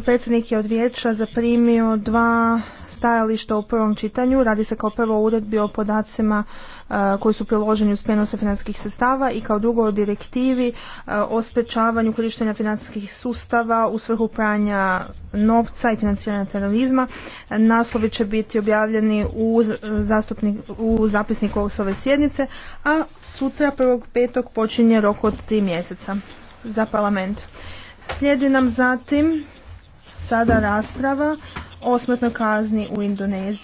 predsjednik je od vijeća zaprimio dva stajališta u prvom čitanju. Radi se kao prvo o uredbi o podacima e, koji su priloženi u prenose financijskih sredstava i kao drugo o direktivi e, o sprečavanju korištenja financijskih sustava u svrhu pranja novca i financiranja terorizma. Naslovi će biti objavljeni u, zastupnik, u zapisniku ove sjednice, a sutra petog, počinje rok od tri mjeseca za parlament. Slijedi nam zatim Sada rasprava o smrtnoj kazni u Indoneziji.